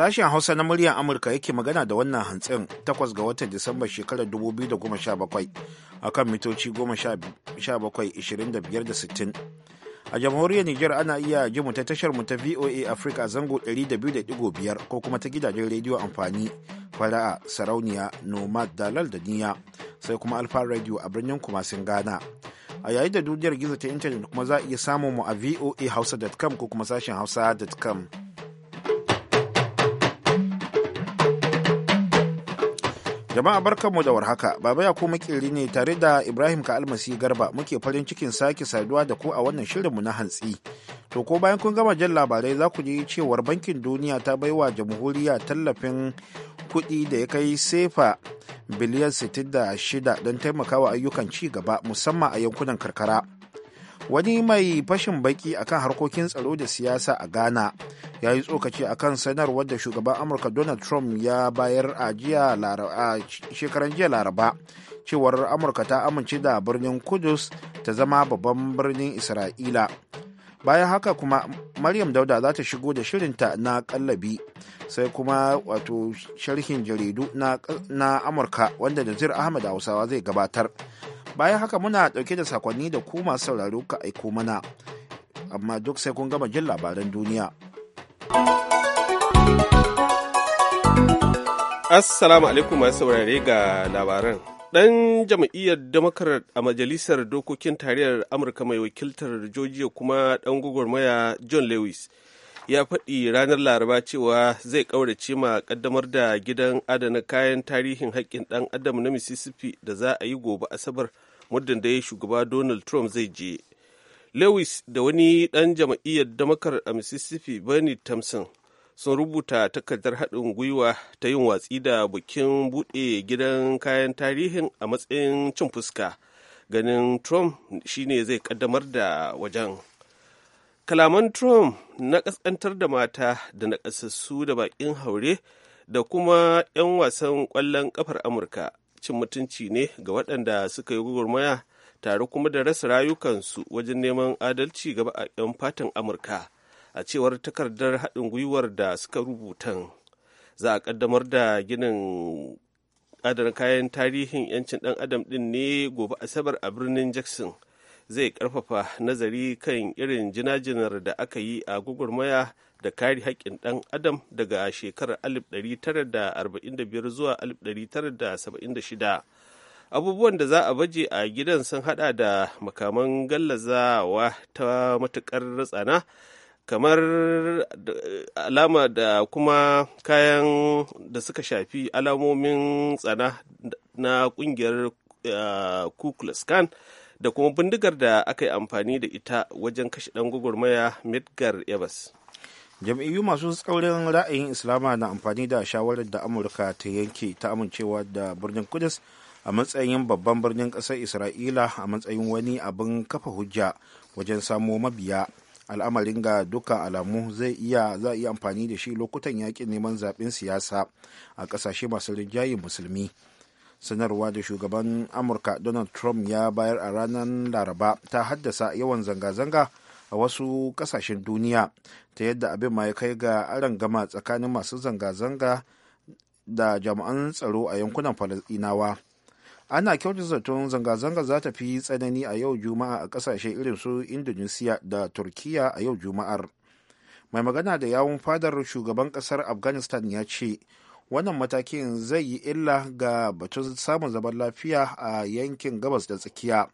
Sashen Hausa na muryar Amurka yake magana da wannan hantsin takwas ga watan Disamba shekarar 2017 a kan mitoci sittin A jamhuriyar Nijar ana iya ji mu ta tashar mu ta VOA Africa zango 200.5 ko kuma ta gidajen rediyo amfani fara'a sarauniya nomad dalal da niya sai kuma alfa radio a birnin kumasin Ghana. a yayin da duniyar gizo ta intanet kuma za a iya samun mu a VOA hausa.com ko kuma sashen hausa.com Jama'a barkanmu da warhaka, Baba ya kuma kiri ne tare da Ibrahim ka almasi garba muke farin cikin sake saduwa da ku a wannan shirin mu na hantsi. To ko bayan kun gama jan labarai za ku ji cewar bankin duniya ta baiwa jamhuriya tallafin kuɗi da ya kai sefa biliyan 66 don taimakawa ayyukan ci gaba musamman a yankunan karkara. Wani mai fashin baki akan harkokin tsaro da siyasa a Ghana ya yi tsokaci a kan sanarwar da shugaban amurka donald trump ya bayar a shekaran jiya laraba cewar amurka ta amince da birnin kudus ta zama babban birnin isra'ila bayan haka kuma maryam dauda za ta shigo da shirinta na kallabi sai kuma wato sharhin jaridu na, amurka wanda nazir ahmad hausawa zai gabatar bayan haka muna dauke da sakonni da ku masu sauraro ka aiko mana amma duk sai kun gama jin labaran duniya. Assalamu alaikum masu saurare ga labaran. Ɗan jam'iyyar Democrat a Majalisar Dokokin Tariyar Amurka mai wakiltar Georgia kuma ɗan gwagwarmaya John Lewis ya faɗi ranar Laraba cewa zai ƙaurace ma ƙaddamar da gidan adana kayan tarihin haƙƙin ɗan adam na Mississippi da za a yi gobe Asabar muddin da ya shugaba Donald Trump zai je. lewis da wani ɗan jam'iyyar damakar a mississippi bernie thompson sun rubuta takardar haɗin gwiwa ta yin watsi da bikin buɗe gidan kayan tarihin a matsayin cin fuska ganin trump shine zai ƙaddamar da wajen kalaman trump na ƙasƙantar da mata da na ƙasassu da baƙin haure da kuma 'yan wasan ƙwallon ƙafar amurka cin mutunci ne ga waɗanda suka yi gwagwarmaya tare kuma da rasa rayukansu wajen neman adalci gaba a 'yan fatan amurka a cewar takardar haɗin gwiwar da suka rubutan za a ƙaddamar da ginin adana kayan tarihin 'yancin ɗan adam ɗin ne gobe asabar a birnin jackson zai ƙarfafa nazari kan irin jinajinar da aka yi a gugurmaya da kare haƙƙin ɗan adam daga shekarar 1945 zuwa 1976 abubuwan da za a baje a gidan sun hada da makaman gallazawa ta matukar tsana kamar alama da kuma kayan da suka shafi alamomin tsana na kungiyar eh, ku kan da kuma bindigar da aka yi amfani da ita wajen kashe dan gwagwarmaya midgar evans jam'iyyu masu tsaurin ra'ayin islama na amfani da shawarar da amurka ta yanke ta amincewa da birnin kudus a matsayin babban birnin ƙasar isra'ila a matsayin wani abin kafa hujja wajen samo mabiya al'amarin ga dukkan alamu zai iya za iya amfani da shi lokutan yakin neman zaben siyasa a ƙasashe masu rinjaye musulmi sanarwa da shugaban amurka donald trump ya bayar a ranar laraba ta haddasa yawan zanga-zanga a wasu ƙasashen duniya ta yadda abin ma ya kai ga gama tsakanin masu zanga-zanga da jami'an tsaro a yankunan falasɗinawa ana kyautar zaton zanga-zanga za ta fi tsanani a yau juma'a a kasashe irin su indonesia da turkiya a yau juma'ar mai magana da yawun fadar shugaban kasar afghanistan ya ce wannan matakin zai yi illa ga batun samun zaman lafiya a yankin gabas da tsakiya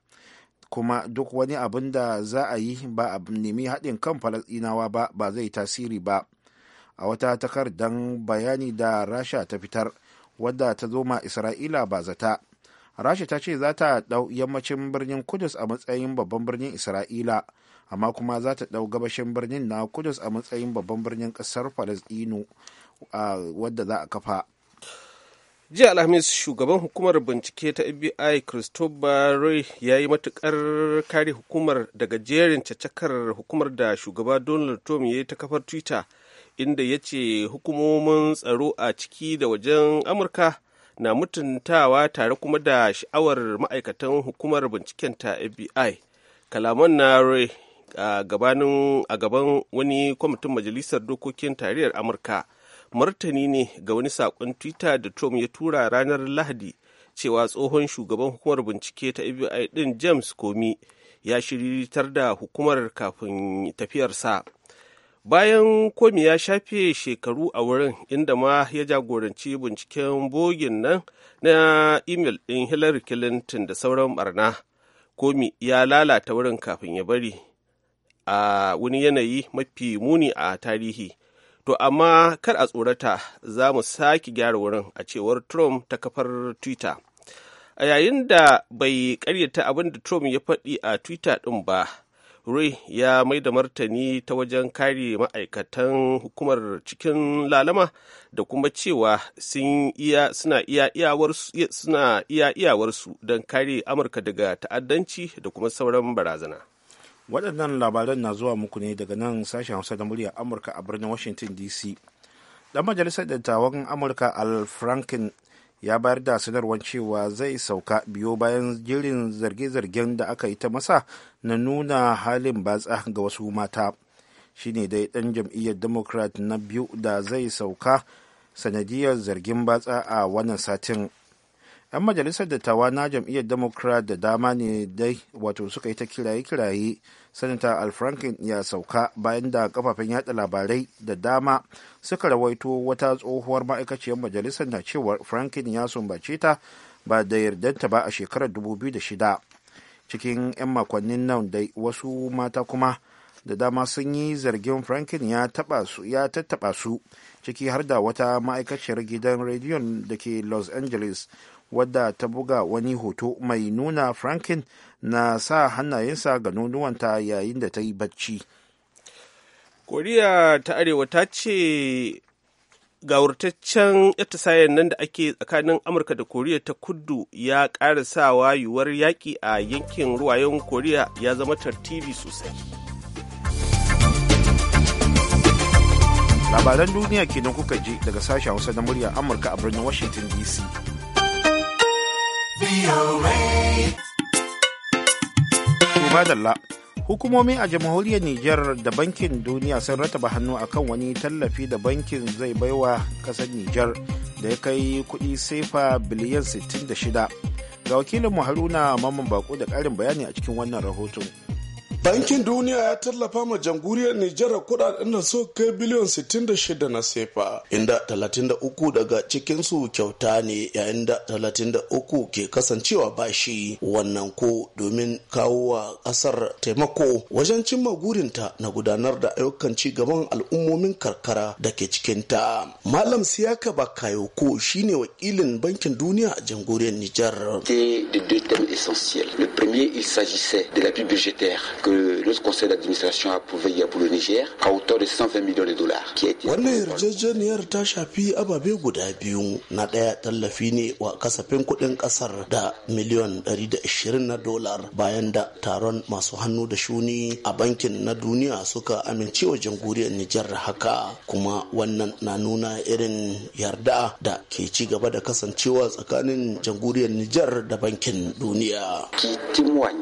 kuma duk wani abin da za a yi ba a nemi haɗin kan falasɗinawa ba ba zai tasiri ba a wata takardar bayani da rasha ta fitar wadda ta zo ma isra'ila ba zata rasha ta ce za ta ɗau yammacin birnin kudus a matsayin babban birnin isra'ila amma kuma za ta ɗau gabashin birnin na kudus a matsayin babban birnin ƙasar falasɗinu wadda za a kafa jiya alhamis shugaban hukumar bincike ta fbi christopher roy ya yi matukar kare hukumar daga jerin cacakar hukumar da shugaba donald trump ya yi ta kafar twitter inda ya ce hukumomin tsaro a ciki da wajen amurka na mutuntawa tare kuma da sha'awar ma'aikatan hukumar binciken ta fbi kalaman na rai a gaban wani kwamitin majalisar dokokin tarayyar amurka martani ne ga wani saƙon twitter da trump ya tura ranar lahadi cewa tsohon shugaban hukumar bincike ta fbi din james komi ya shiritar da hukumar kafin tafiyarsa bayan komi ya shafe shekaru a wurin inda ma ya jagoranci binciken bogin nan na imel ɗin hillary clinton da sauran barna komi ya lalata wurin kafin ya bari a wani yanayi mafi muni a tarihi to amma kar a tsorata za mu sake gyara wurin a cewar trump ta kafar twitter a yayin da bai karyata abin da trump ya faɗi a twitter ɗin ba Ray ya mai da martani ta wajen kare ma'aikatan hukumar cikin lalama da kuma cewa suna iya iyawarsu don kare Amurka daga ta'addanci da kuma sauran barazana. Waɗannan labaran na zuwa muku ne daga nan sashen Hausa da murya Amurka a birnin Washington DC. ɗan majalisar dattawan Amurka Al Franken ya bayar da sanarwar cewa zai sauka biyo bayan jirin zarge-zargen da aka yi ta masa na nuna halin batsa ga wasu mata shi ne dai ɗan jam'iyyar democrat na biyu da zai sauka sanadiyar zargin batsa a wannan satin 'yan majalisar dattawa na jam'iyyar democrat da dama ne dai wato suka yi ta kiraye-kiraye sanata franklin ya sauka bayan da kafafen yada labarai da dama suka rawaito wata tsohuwar ma'aikaciyar majalisar na cewar franklin ya sumbace ta ba da yardanta ba a shekarar 2006 cikin 'yan makonnin nan da wasu mata kuma da dama sun yi zargin franklin ya tattaba su ciki har da wata ma'aikaciyar gidan rediyon da ke los angeles wadda ta buga wani hoto mai nuna franklin na sa hannayensa ga nonuwanta yayin da ta yi bacci koriya ta arewa ta ce gawurtaccen atisayen nan da ake tsakanin amurka da koriya ta kudu ya ƙara sawa yiwuwar yaƙi a yankin ruwayen koriya ya zama tartibi sosai labaran duniya kenan kuka je daga sashen hausa na murya amurka a birnin washington dc VOA. Hukumomi a jamhuriyar Nijar da Bankin Duniya sun rataba hannu akan wani tallafi da bankin zai baiwa kasar Nijar da ya kai kuɗi sefa biliyan 66. Ga wakilin Haruna Mamman Bako da ƙarin bayani a cikin wannan rahoton. Bankin Duniya ya tallafa ma jamhuriyar Nijar kudaden da suka kai biliyan 66 na sefa, inda 33 daga cikinsu kyauta ne yayin da 33 ke kasancewa bashi wannan ko domin kawo wa ƙasar taimako wajen cimma gurinta na gudanar da ayyukan ci gaban al'ummomin karkara da ke cikinta. Malam Siyaka Bakayoko shine wakilin Bankin Duniya a jamhuriyar Nijar. Le premier, il s'agissait de la budgétaire que le conseil d'administration a approuvé hier pour le Niger à hauteur de 120 millions de dollars. Wannan yarjejeniyar ta shafi ababe guda biyu na ɗaya tallafi ne wa kasafin kuɗin ƙasar da miliyon 120 na dolar bayan da taron masu hannu da shuni a bankin na duniya suka amincewa jamhuriyar Nijar haka kuma wannan na nuna irin yarda da ke ci gaba da kasancewa tsakanin jamhuriyar Nijar da bankin duniya. k'i timwan,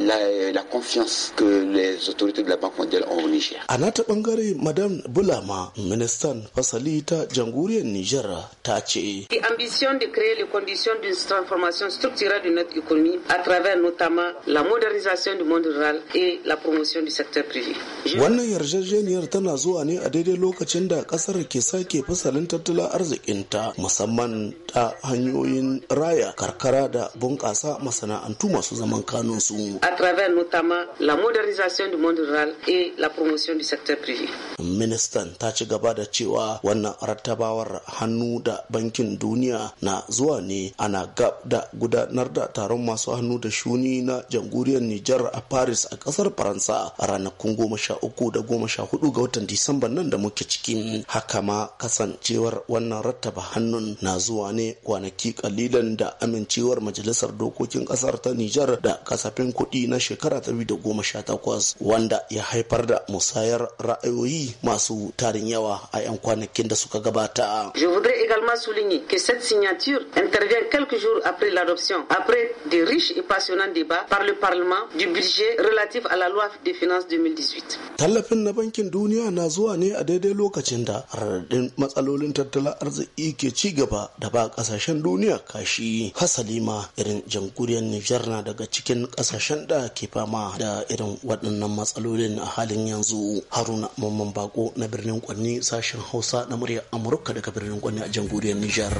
la, la confiance que les autorités de la Banque mondiale ont au Niger. A nata bangare Madame Bulama, ministan fasali ta jamhuriyar Nijar ta ce. ambition de créer les conditions d'une transformation structurelle de notre économie à travers notamment la modernisation du monde rural et la promotion du secteur privé. Wannan yarjejeniyar tana zuwa ne a daidai lokacin da kasar ke sake fasalin tattalin arzikinta musamman ta hanyoyin raya karkara da bunƙasa masana'antu masu zaman kanunsu. à travers notamment la modernisation du monde rural et la promotion du secteur privé. Ministan ta ci gaba da cewa wannan rattabawar hannu da bankin duniya na zuwa ne ana gab da gudanar da taron masu hannu da shuni na jamhuriyar Nijar a Paris a kasar Faransa a ranakun goma sha uku da goma sha hudu ga watan Disamba nan da muke cikin haka ma kasancewar wannan rattaba hannun na zuwa ne kwanaki kalilan da amincewar majalisar dokokin kasar ta Nijar da kasafin kuɗi na shekara ta da goma sha takwas wanda ya haifar da musayar ra'ayoyi masu tarin yawa a 'yan kwanakin da suka gabata. Je voudrais également souligner que cette signature intervient quelques jours après l'adoption, après de riches et passionnants débats par le Parlement du budget relatif à la loi de finances 2018. Tallafin na bankin duniya na zuwa ne a daidai lokacin da raɗaɗin matsalolin tattalin arziki ke ci gaba da ba ƙasashen duniya kashi hasali ma irin jamhuriyar Nijar na daga cikin ƙasashen kasashen da ke fama da irin waɗannan matsalolin a halin yanzu haruna mamman bako na birnin kwanni sashen hausa na murya amurka daga birnin kwanni a jamhuriyar nijar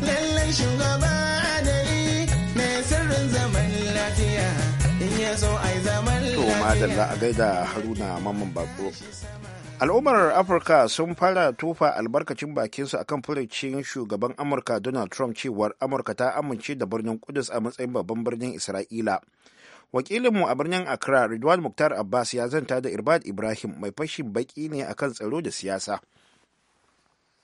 lallai shugaba a gaida haruna mamman bako al'ummar afirka sun fara tufa albarkacin bakinsu akan furicin shugaban amurka donald trump cewar amurka ta amince da birnin kudus a matsayin babban birnin isra'ila wakilinmu a birnin accra ridwan muktar abbas ya zanta da irbad ibrahim mai fashin baki ne akan tsaro da siyasa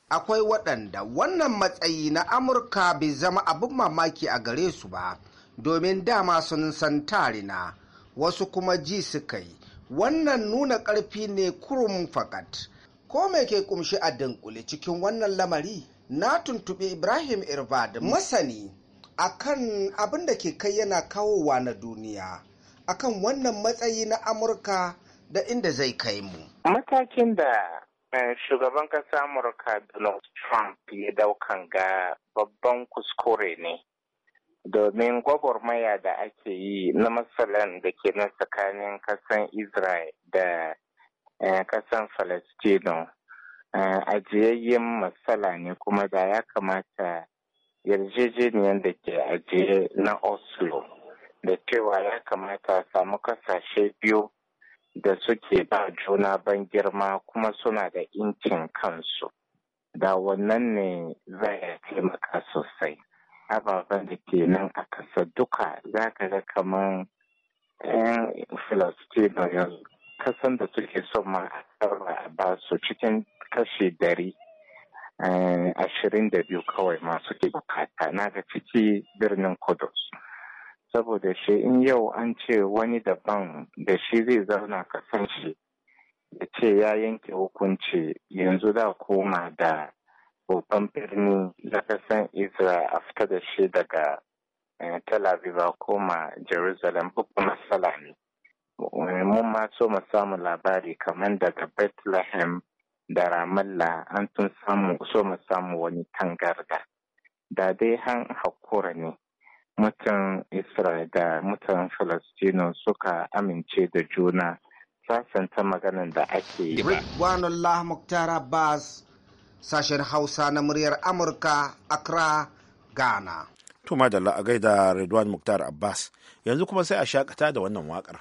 akwai waɗanda wannan matsayi na amurka bai zama abin mamaki a gare su ba domin dama sun san tarina wasu kuma ji su kai, wannan nuna ƙarfi ne kurum fakat ko me ke kumshi a dunkule cikin wannan lamari na tuntuɓi ibrahim irbad masani akan abin da ke kai yana kawowa na duniya akan wannan matsayi na amurka da inda zai kai mu matakin da eh, shugaban ƙasa amurka donald trump ya daukan ga babban kuskure ne domin gwagwarmaya da ake yi na matsalan da ke na tsakanin kasan israel da kasan eh, falastino eh, ajiyayyen matsala ne kuma da ya kamata yarjejeniyar da ke ajiye na oslo da cewa ya kamata samu kasashe biyu da suke ba juna ban girma kuma suna da incin kansu da wannan ne zai taimaka sosai ababen da ke nan a kasa duka za ka ga kamar 'yan filastino yanzu kasan da suke son ma a ba su cikin kashi dari Eh, ashirin da biyu kawai masu ke bukata na ga ciki birnin kudus saboda shi in yau an ce wani daban da shi zai zauna kasan shi ya ce ya yanke hukunci yanzu za koma da babban birni na kasan israel a fita da shi daga eh, tel aviv koma jerusalem babban matsala ne eh, mun ma so mu samu labari kamar daga bethlehem da ramalla an tun samu so mu samu wani tangarda da dai han hakura ne mutan israel da mutan falastino suka amince da juna sasanta maganan da ake yi Allah muktar abbas sashen hausa na muryar amurka accra ghana to madalla a gaida ridwan muktar abbas yanzu kuma sai a shakata da wannan waƙar.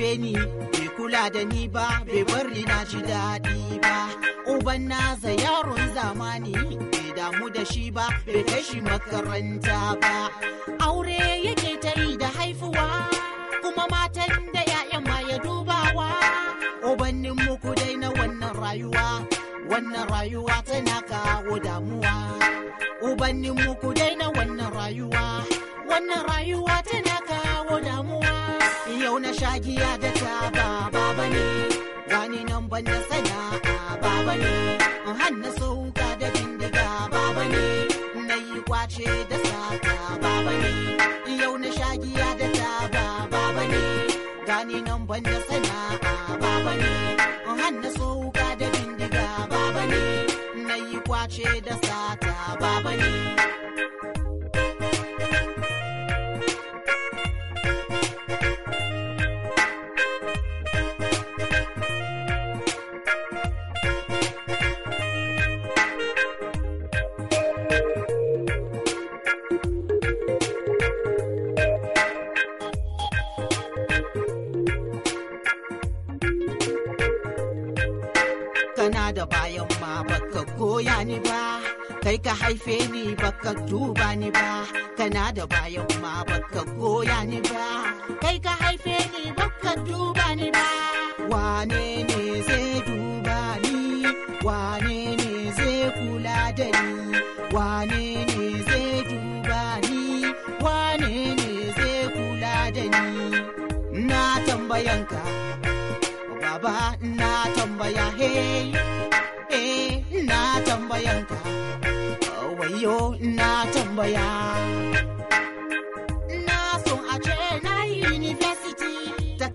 feni ni bai kula da ni ba bai bari na ji daɗi ba uban naza yaron zamani bai damu da shi ba bai kai shi makaranta ba aure yake ta da haifuwa kuma matan da 'ya'yan ma ya dubawa ubannin muku dai na wannan rayuwa wannan rayuwa tana kawo damuwa ubannin muku dai na wannan rayuwa wannan rayuwa tana yau na shagiya da taba baba ne gani nan ban da sana'a baba ne hanna sauka da bindiga baba ne na yi kwace da saka baba ne yau na shagiya da taba baba ne gani nan ban da sana'a tambayanka oh, baba na tambaya he eh na tambayanka oh, wayo na tambaya na so a ce na yi university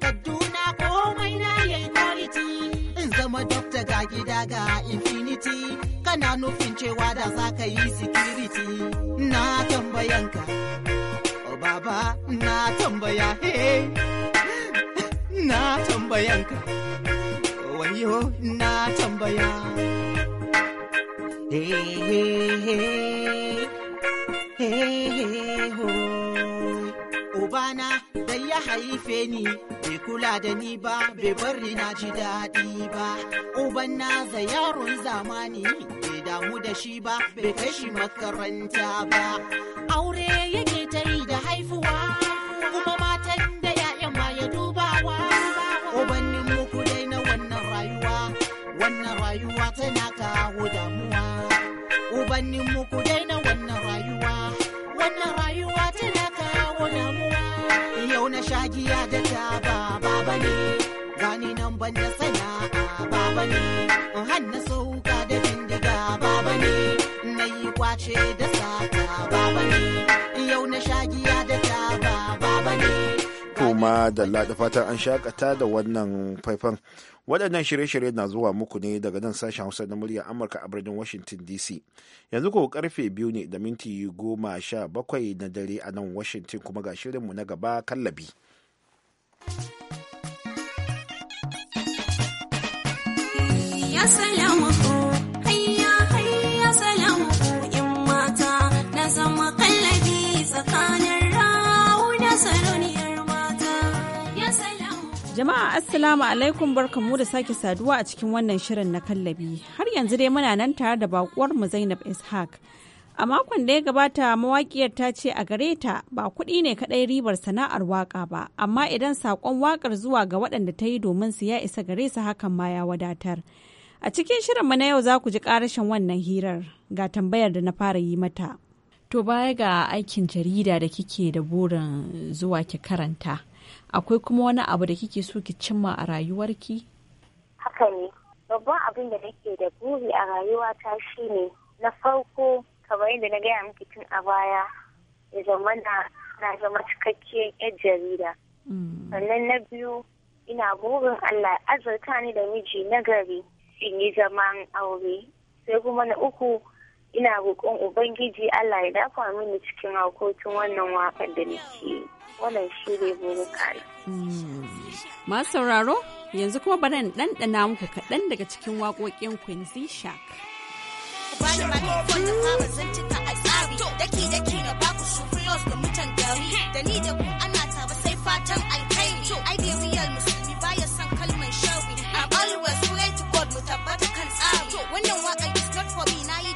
ko komai na yi quality in zama dokta ga gida ga infinity kana nufin cewa da zaka yi security na tambayanka oh, baba na tambaya he na tambayanka wayo na tambaya Ubana da ya haife ni bai kula da ni ba bai bari na ji daɗi ba uban na za yaron zamani bai damu da shi ba bai kai shi makaranta ba aure yake shugabannin mu ku daina wannan rayuwa wannan rayuwa tana kawo damuwa yau na shagiya da taba baba ne gani nan ban da sana'a baba ne hanna sauka da bindiga baba ne na yi kwace da da fatan an shakata da wannan faifan waɗannan shirye-shirye na zuwa muku ne daga nan sashen hausa na murya amurka a birnin washington dc yanzu ko karfe biyu ne da minti goma sha bakwai na dare a nan washington kuma ga shirinmu na gaba kallabi Jama'a Assalamu alaikum barkamu da sake saduwa a cikin wannan shirin na kallabi. Har yanzu dai muna nan tare da bakuwar mu Zainab Ishaq. A makon da ya gabata mawaƙiyar ta ce a gare ta ba kuɗi ne kaɗai ribar sana'ar waƙa ba, amma idan saƙon waƙar zuwa ga waɗanda ta yi domin su ya isa gare su hakan ma ya wadatar. A cikin shirin mu na yau za ku ji ƙarashin wannan hirar ga tambayar da na fara yi mata. To baya ga aikin jarida da kike da burin zuwa ki karanta. akwai kuma wani abu da kike so ki cimma a rayuwarki? Haka ne, babban abin da nake da buri a rayuwata shine na farko kamar yadda na gaya miki tun a baya ya zama na zama cikakkiyar yar jarida. Mm. Sannan na biyu ina burin Allah azurta ni da miji na gari in yi zaman aure. Sai kuma na uku ina roƙon ubangiji allah ya dafa mini cikin hakokin wannan waƙar da nake wannan shi ne hmm. masu sauraro yanzu kuma bari in ɗanɗana muku kaɗan daga cikin waƙoƙin Quincy Shark. Bani microphone da fama sun cika a tsari, daki daki na baku su da mutan gari, da ni da ku ana taba sai fatan alheri.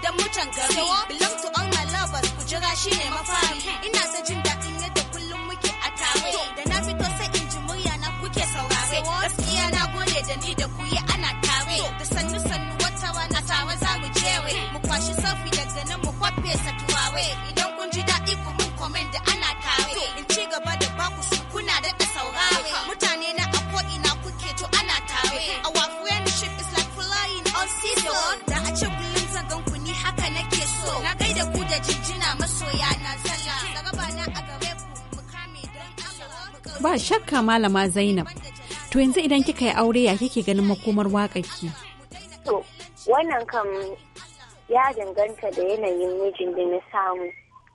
dan mutan gari belong to all my lovers ku jira shi ne mafari ina sa jin daɗin yadda kullum muke a tare da na fito sai in ji murya na kuke saurare gaskiya na gode da ni da ku yi ana tare da sannu sannu wata rana tawa za mu jere mu kwashi safi daga nan mu kwafe sa turare ba shakka malama zainab to yanzu idan kika yi aure ya kike ganin makomar wakaki. to wannan kam ya danganta da yanayin mijin da na samu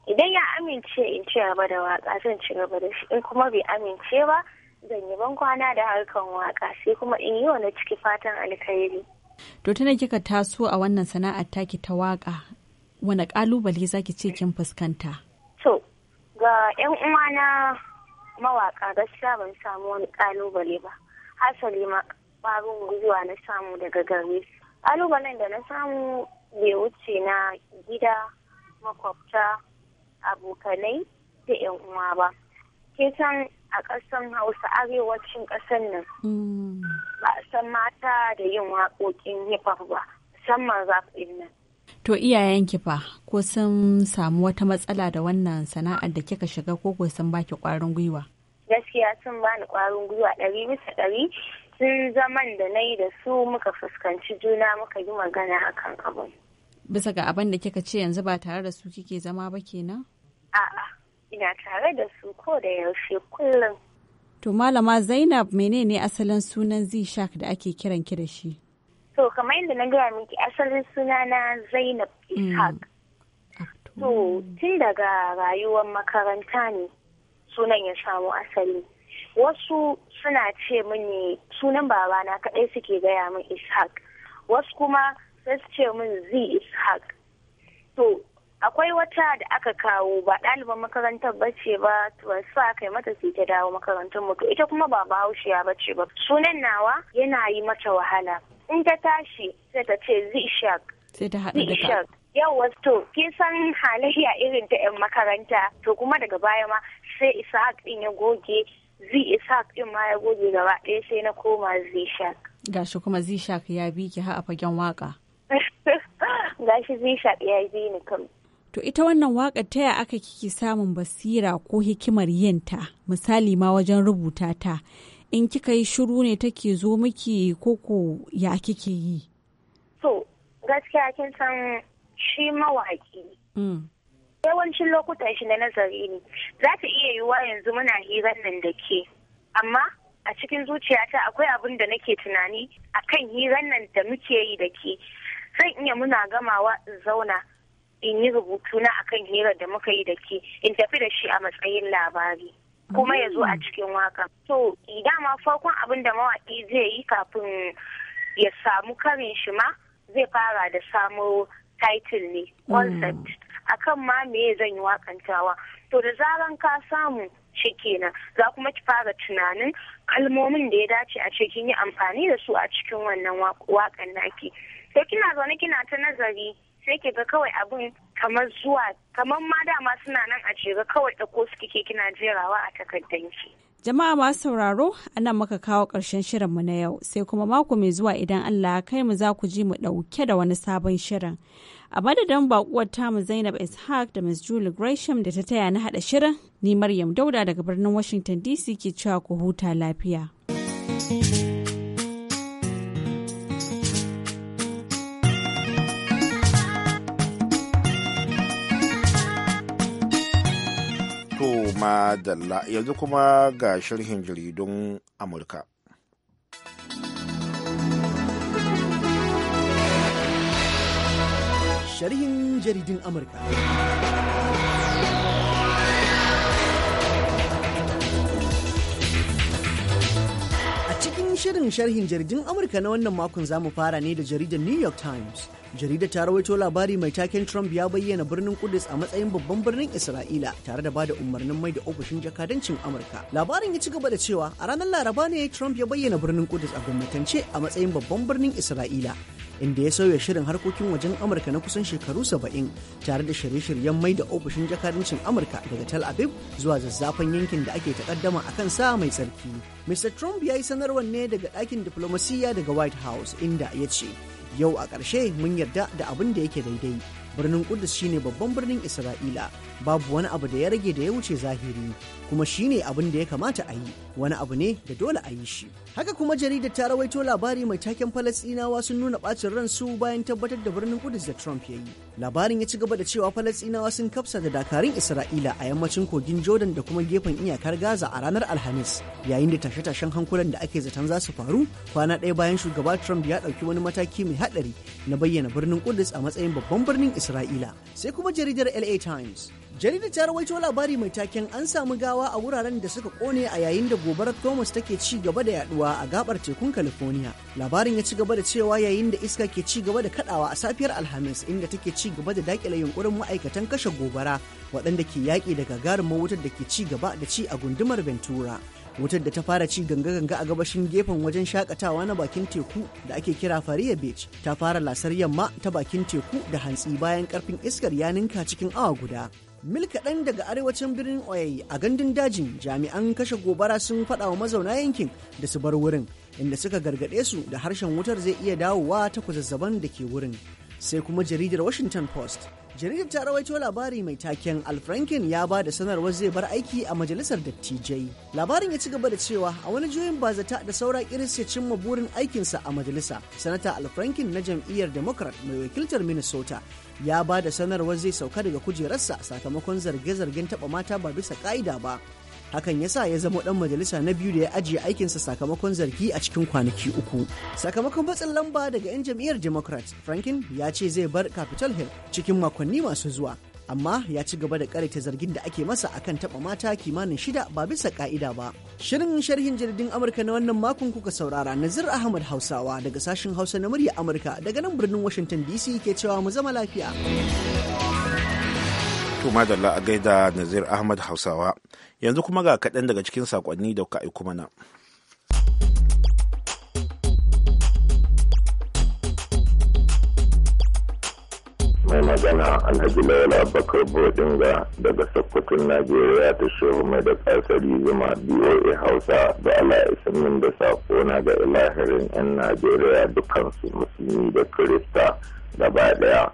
idan ya amince in ci gaba da waka zan ci gaba da shi in kuma bai amince ba zan yi ban kwana da harkan waƙa sai kuma in yi wani ciki fatan alkhairi to tana kika taso a wannan sana'ar taki ta waƙa wani kalubale zaki ce kin fuskanta to ga yan uwana mawaka gaskiya ban samu wani ƙalubale ba hasali ma ƙwarin gwiwa na samu daga gare su kalubalen da na samu bai wuce na gida makwabta abokanai da yan uwa ba ke san a ƙasan hausa arewacin ƙasan nan mm. ba a san mata da yin waƙoƙin hip hop ba musamman rap ɗin nan To iyayenki fa ko sun samu wata matsala da wannan sana'ar da kika shiga ko ko sun baki kwarin gwiwa? Gaskiya sun bani kwarin gwiwa ɗari bisa ɗari sun zaman da na yi da su muka fuskanci juna muka yi magana akan abin. Bisa ga abin da kika ce yanzu ba tare da su kike zama ba kenan? A'a, ina tare da su ko da yaushe kullum. To malama Zainab menene asalin sunan Z-Shark da ake kiran ki da shi? To kamar yadda na gaya miki asalin suna na Zainab Ishaq. Mm. To tun daga rayuwar makaranta ne sunan ya samu asali. Wasu suna ce mini sunan babana kadai suke gaya min Ishaq. Wasu kuma sai su ce min Z Ishaq. To akwai wata da aka kawo ba ɗaliban makarantar ba ce ba su yi mata sai ta dawo makarantar mu to ita kuma ba haushiya ba ce ba sunan nawa yana yi mata wahala in ta tashi sai ta ce zishak sai ta haɗa duka yawa to kin san halayya irin ta yan makaranta to kuma daga baya ma sai ishaq din ya goge zi ishaq din ma ya goge gaba ɗaya sai na koma zishak gashi kuma zishak ya bi ki ha a fagen waka gashi zishak ya bi ni kam To ita wannan ta ya aka kike samun basira ko hikimar yinta, misali ma wajen rubuta ta, in kika yi shiru ne take zo miki koko ya kike yi so gaskiya kin san shi mawaki mm. yawancin lokutan shi na nazari ne za ta iya yiwuwa yanzu muna hirar nan da ke amma a cikin zuciyata akwai abin da nake tunani a kan hiran nan da muke yi da ke zan iya muna gamawa in zauna in yi rubutuna akan hirar da muka yi da ke in tafi da shi a matsayin labari kuma ya zo a mm. cikin waka to dama farkon abin da mawaƙi zai yi kafin ya samu karin shi ma zai fara da samo title ne concept mm. akan ma me zan yi wakantawa to da zaran ka samu shi kenan za kuma ki fara tunanin kalmomin da ya dace a cikin yi amfani da su a cikin wannan wakan naki to kina zaune kina ta nazari sai ke ga kawai abin kamar zuwa kamar ma dama suna nan a ga kawai ɗauko su kike kina jerawa a takardanki. Jama'a masu sauraro ana maka kawo ƙarshen shirinmu na yau sai kuma mako mai zuwa idan Allah kai mu za ku ji mu ɗauke da wani sabon shirin. A madadin baƙuwar tamu Zainab Ishaq da Ms. Julie Gresham da ta taya na haɗa shirin, ni Maryam Dauda daga birnin Washington DC ke cewa ku huta lafiya. dalla yanzu kuma ga sharhin jaridun amurka sharhin jaridun amurka shirin sharhin jaridun Amurka na wannan makon zamu fara ne da jaridar New York Times. Jaridar ta rawaito labari mai taken Trump ya bayyana birnin Kudus a matsayin babban birnin Isra'ila tare da bada umarnin mai da ofishin jakadancin Amurka. Labarin ya ci gaba da cewa a ranar Laraba ne Trump ya bayyana birnin Kudus a gwamnatance a matsayin babban birnin Isra'ila inda ya sauya shirin harkokin wajen amurka na kusan shekaru saba'in tare da shirye-shiryen mai da ofishin jakadancin amurka daga tel aviv zuwa zazzafan yankin da ake takaddama a kan sa mai tsarki mr trump ya yi sanarwar ne daga ɗakin diplomasiyya daga white house inda ya ce yau a ƙarshe mun yarda da abin da yake daidai birnin Kudus shine babban birnin Isra'ila babu wani abu da ya rage da ya wuce zahiri kuma shine abin da ya kamata a yi wani abu ne da dole a yi shi haka kuma jaridar ta rawaito labari mai taken falasɗinawa sun nuna bacin ransu bayan tabbatar da birnin kudus da trump ya yi labarin ya ci gaba da cewa falasɗinawa sun kafsa da dakarun isra'ila a yammacin kogin jordan da kuma gefen iyakar gaza a ranar alhamis yayin da tashe-tashen hankulan da ake zaton za su faru kwana ɗaya bayan shugaba trump ya ɗauki wani mataki mai haɗari na bayyana birnin kudus a matsayin babban birnin isra'ila sai kuma jaridar la times jaridar ta rawaito labari mai taken an samu gawa a wuraren da suka kone a yayin da gobarar thomas take ci gaba da yaduwa a gabar tekun california labarin ya ci gaba da cewa yayin da iska ke ci gaba da kadawa a safiyar alhamis inda take ci gaba da dakile yunkurin ma'aikatan kashe gobara waɗanda ke yaƙi da gagarumin wutar da ke ci gaba da ci a gundumar ventura wutar da ta fara ci ganga-ganga a gabashin gefen wajen shakatawa na bakin teku da ake kira Faria Beach ta fara lasar yamma ta bakin teku da hantsi bayan karfin iskar ya ninka cikin awa guda. mil kaɗan daga arewacin birnin oyayi a gandun dajin jami'an kashe gobara sun faɗa wa mazauna yankin da su bar wurin inda suka gargaɗe su da harshen wutar zai iya dawowa ta kuzazzaban da ke wurin sai kuma jaridar washington post jaridar ta rawaito labari mai taken Al Franken ya ba da sanarwar zai bar aiki a majalisar dattijai labarin ya ci gaba da cewa a wani juyin bazata da saura irin ya cimma burin aikinsa a majalisa sanata Franken na jam'iyyar democrat mai wakiltar minnesota ya ba da sanarwar zai sauka daga kujerarsa sakamakon zarge-zargen taɓa mata ba bisa ƙa'ida ba hakan yasa ya zama dan majalisa na biyu da ya ajiye aikinsa sakamakon zargi a cikin kwanaki uku sakamakon matsin lamba daga 'yan jam'iyyar democrat franklin ya ce zai bar capitol hill cikin makonni masu zuwa amma ya ci gaba da karaita zargin da ake masa akan taba mata kimanin shida ba bisa ka'ida ba. Shirin sharhin jaridun Amurka na wannan makon kuka saurara Nazir Ahmad Hausawa daga sashin Hausa na murya Amurka daga nan birnin Washington DC ke cewa mu zama lafiya. To madalla a gaida Nazir Ahmad Hausawa. Yanzu kuma ga kaɗan daga cikin saƙonni da kuka aiko mana. mai magana alhaji lawala bakar bodinga daga sokoton najeriya ta shehu mai da tsarsari zuma boa hausa da ala isamin da na ga ilahirin 'yan najeriya dukansu musulmi da kirista gaba daya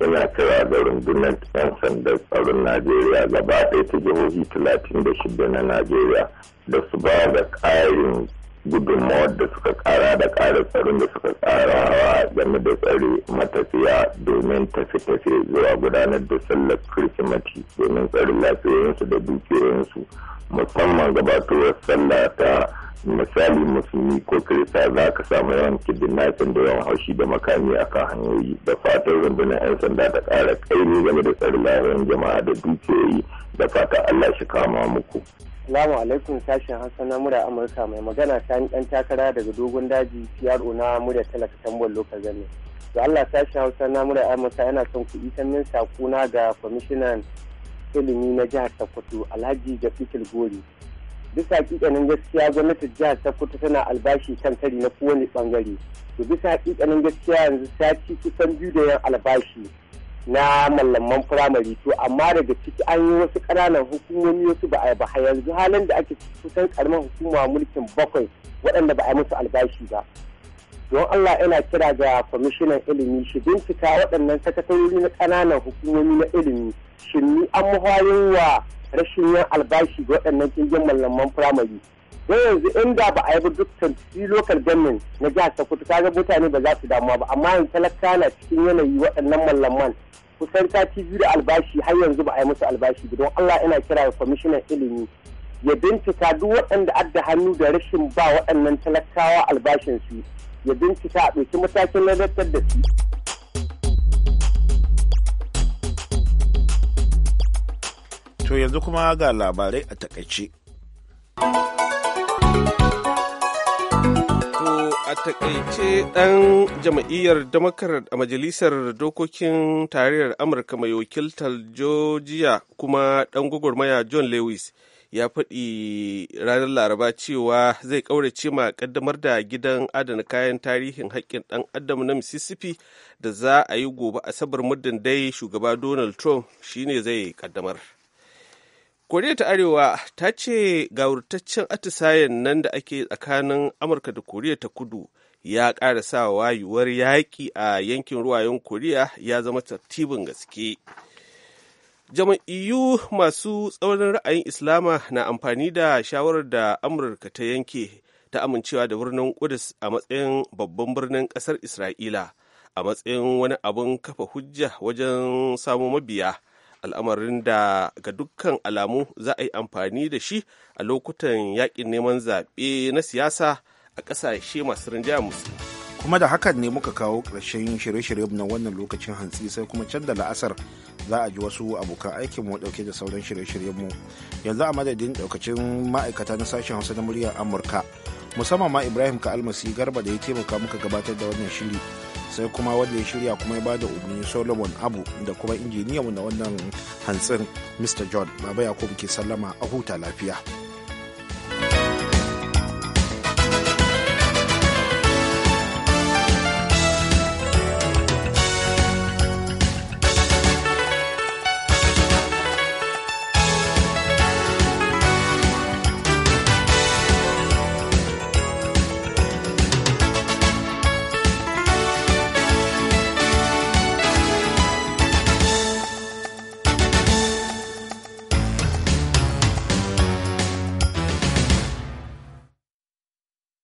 yana kira da rundunar 'yan sanda tsaron najeriya gaba ɗaya ta jihohi talatin da shida na najeriya da su ba da ƙarin gudunmawar da suka kara da kara tsaron da suka karawa game da tsare matafiya domin tafi-tafi zuwa gudanar da sallar kirkimati domin tsarin lafiyoyinsu da dukiyarsu musamman gabatowar sallah ta misali musulmi ko kirista za ka samu yawan kidnapping da yawan haushi da makami a kan hanyoyi da fatan rundunar 'yan sanda ta ƙara kaini game da tsarin lafiyar jama'a da dukiyoyi da fatan allah shi kama muku. Salamu alaikum sashen Hausa na Amurka mai magana ta ɗan takara daga dogon daji PRO na murya talaka tambon lokal gani. Da Allah sashen Hausa na Amurka yana son kuɗi sannan sakuna ga kwamishinan ilimi na jihar sokoto alhaji da fitil gori bisa hakikanin gaskiya gwamnatin jihar sokoto tana albashi kan tari na kowane bangare to bisa hakikanin gaskiya yanzu ta ci kusan biyu da yan albashi na mallaman firamare to amma daga ciki an yi wasu ƙananan hukumomi wasu ba a ba yanzu halin da ake kusan karamin hukuma mulkin bakwai waɗanda ba a musu albashi ba don Allah yana kira ga kwamishinan ilimi shi bincika waɗannan sakatarori na ƙananan hukumomi na ilimi shi ni an muhayin wa rashin yin albashi ga waɗannan kingin mallaman firamare don yanzu inda ba a yi dukkan fi lokal gamin na jihar sokoto ga mutane ba za su damuwa ba amma yanzu talaka na cikin yanayi waɗannan mallaman kusan sati biyu da albashi har yanzu ba a yi musu albashi don Allah yana kira ga kwamishinan ilimi ya bincika duk waɗanda adda hannu da rashin ba waɗannan talakawa albashinsu ya bincika a ɗauki matakin ladattar da su. To yanzu kuma ga labarai a takaice. a takaice ɗan jam'iyyar damakar a majalisar dokokin tarayyar amurka mai wakiltar georgia kuma ɗan gwagwarmaya john lewis ya faɗi ranar laraba cewa zai ƙaurace ma ƙaddamar da gidan adana kayan tarihin haƙƙin ɗan adam na mississippi da za a yi gobe asabar muddin dai shugaba donald trump shine zai ƙaddamar koriya ta arewa ta ce gawurtaccen atisayen nan da ake tsakanin amurka da koriya ta kudu ya ƙara sa wayuwar yaƙi a yankin ruwayen koriya ya zama tartibin gaske jama'iyyu masu tsaurin ra'ayin islama na amfani da shawarar da amurka ta yanke ta amincewa da birnin kudus a matsayin babban birnin kasar isra'ila a matsayin wani abin kafa hujja wajen samo mabiya al'amarin da ga dukkan alamu za a yi amfani da shi a lokutan yaƙin neman zaɓe na siyasa a ƙasashe masu rinjaya musulmi kuma da hakan ne muka kawo ƙarshen shirye-shirye na wannan lokacin hantsi sai kuma can da la'asar za a ji wasu abokan aikin mu dauke da sauran shirye-shiryenmu yanzu a madadin daukacin ma'aikata na sashen hausa na muryar amurka musamman ma ibrahim ka almasi garba da ya taimaka muka gabatar da wannan shiri sai kuma wanda ya shirya kuma ya bada umarni solomon abu da kuma injiniyanmu na wannan hantsin mr john baba yakubu ke sallama a huta lafiya.